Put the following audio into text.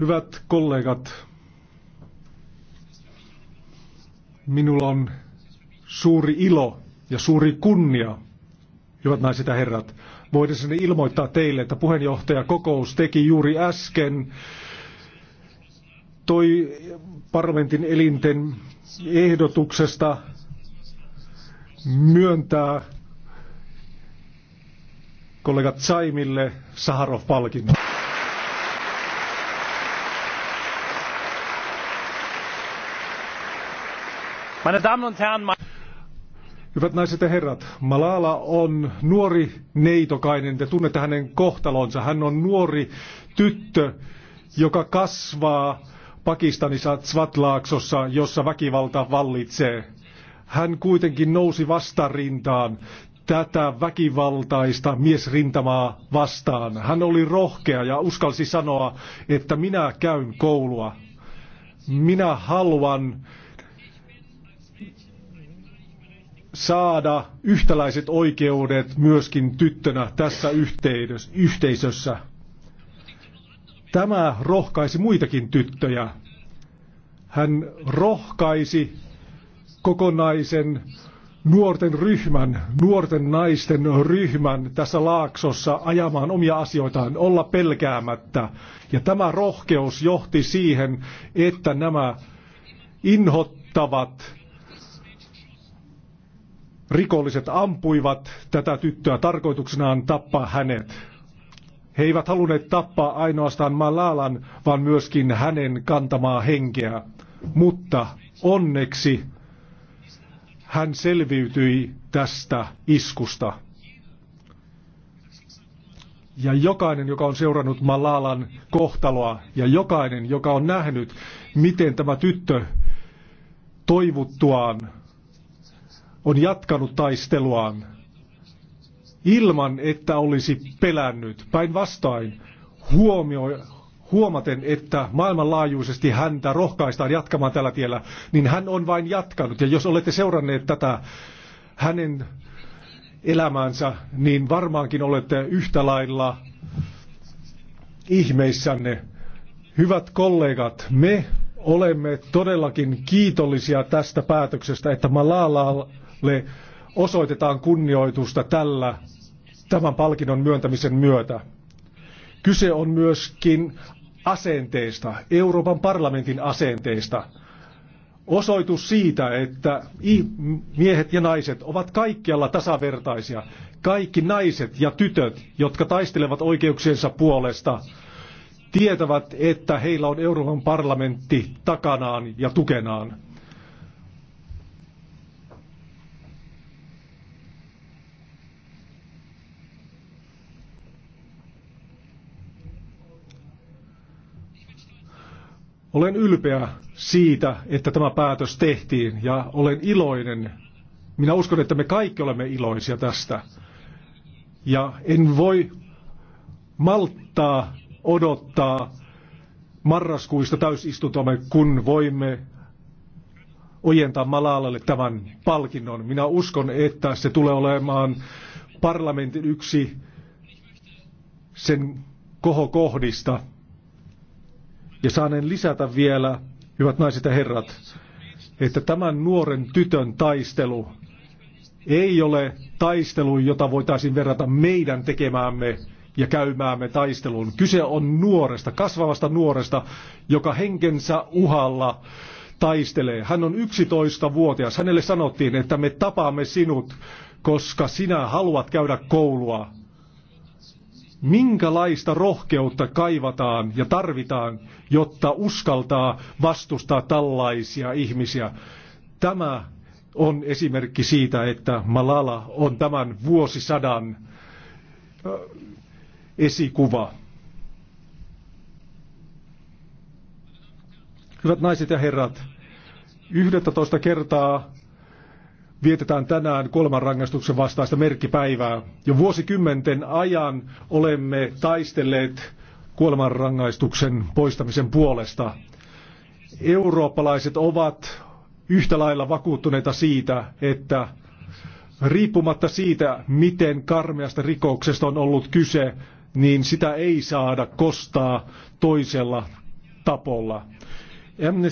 Hyvät kollegat, minulla on suuri ilo ja suuri kunnia, hyvät naiset ja herrat, voidessani ilmoittaa teille, että kokous teki juuri äsken, toi parlamentin elinten ehdotuksesta myöntää kollega Zaimille Saharov-palkinnon. Hyvät naiset ja herrat, Malala on nuori neitokainen, te tunnette hänen kohtalonsa. Hän on nuori tyttö, joka kasvaa Pakistanissa Tsvatlaaksossa, jossa väkivalta vallitsee. Hän kuitenkin nousi vastarintaan tätä väkivaltaista miesrintamaa vastaan. Hän oli rohkea ja uskalsi sanoa, että minä käyn koulua. Minä haluan saada yhtäläiset oikeudet myöskin tyttönä tässä yhteisössä. Tämä rohkaisi muitakin tyttöjä. Hän rohkaisi kokonaisen nuorten ryhmän, nuorten naisten ryhmän tässä laaksossa ajamaan omia asioitaan, olla pelkäämättä. Ja tämä rohkeus johti siihen, että nämä inhottavat rikolliset ampuivat tätä tyttöä tarkoituksenaan tappaa hänet. He eivät halunneet tappaa ainoastaan Malalan, vaan myöskin hänen kantamaa henkeä. Mutta onneksi hän selviytyi tästä iskusta. Ja jokainen, joka on seurannut Malalan kohtaloa, ja jokainen, joka on nähnyt, miten tämä tyttö toivuttuaan on jatkanut taisteluaan ilman, että olisi pelännyt. Päinvastoin huomioi, huomaten, että maailmanlaajuisesti häntä rohkaistaan jatkamaan tällä tiellä, niin hän on vain jatkanut. Ja jos olette seuranneet tätä hänen elämäänsä, niin varmaankin olette yhtä lailla ihmeissänne. Hyvät kollegat, me olemme todellakin kiitollisia tästä päätöksestä, että Malala Stalinalle osoitetaan kunnioitusta tällä tämän palkinnon myöntämisen myötä. Kyse on myöskin asenteesta, Euroopan parlamentin asenteesta. Osoitus siitä, että miehet ja naiset ovat kaikkialla tasavertaisia. Kaikki naiset ja tytöt, jotka taistelevat oikeuksiensa puolesta, tietävät, että heillä on Euroopan parlamentti takanaan ja tukenaan. Olen ylpeä siitä, että tämä päätös tehtiin ja olen iloinen. Minä uskon, että me kaikki olemme iloisia tästä. Ja en voi malttaa odottaa marraskuista täysistuntoamme, kun voimme ojentaa Malalalle tämän palkinnon. Minä uskon, että se tulee olemaan parlamentin yksi sen kohokohdista. Ja saanen lisätä vielä, hyvät naiset ja herrat, että tämän nuoren tytön taistelu ei ole taistelu, jota voitaisiin verrata meidän tekemäämme ja käymäämme taisteluun. Kyse on nuoresta, kasvavasta nuoresta, joka henkensä uhalla taistelee. Hän on 11-vuotias. Hänelle sanottiin, että me tapaamme sinut, koska sinä haluat käydä koulua minkälaista rohkeutta kaivataan ja tarvitaan, jotta uskaltaa vastustaa tällaisia ihmisiä. Tämä on esimerkki siitä, että Malala on tämän vuosisadan esikuva. Hyvät naiset ja herrat, 11 kertaa vietetään tänään kolman rangaistuksen vastaista merkkipäivää. Jo vuosikymmenten ajan olemme taistelleet kuolemanrangaistuksen poistamisen puolesta. Eurooppalaiset ovat yhtä lailla vakuuttuneita siitä, että riippumatta siitä, miten karmeasta rikoksesta on ollut kyse, niin sitä ei saada kostaa toisella tapolla.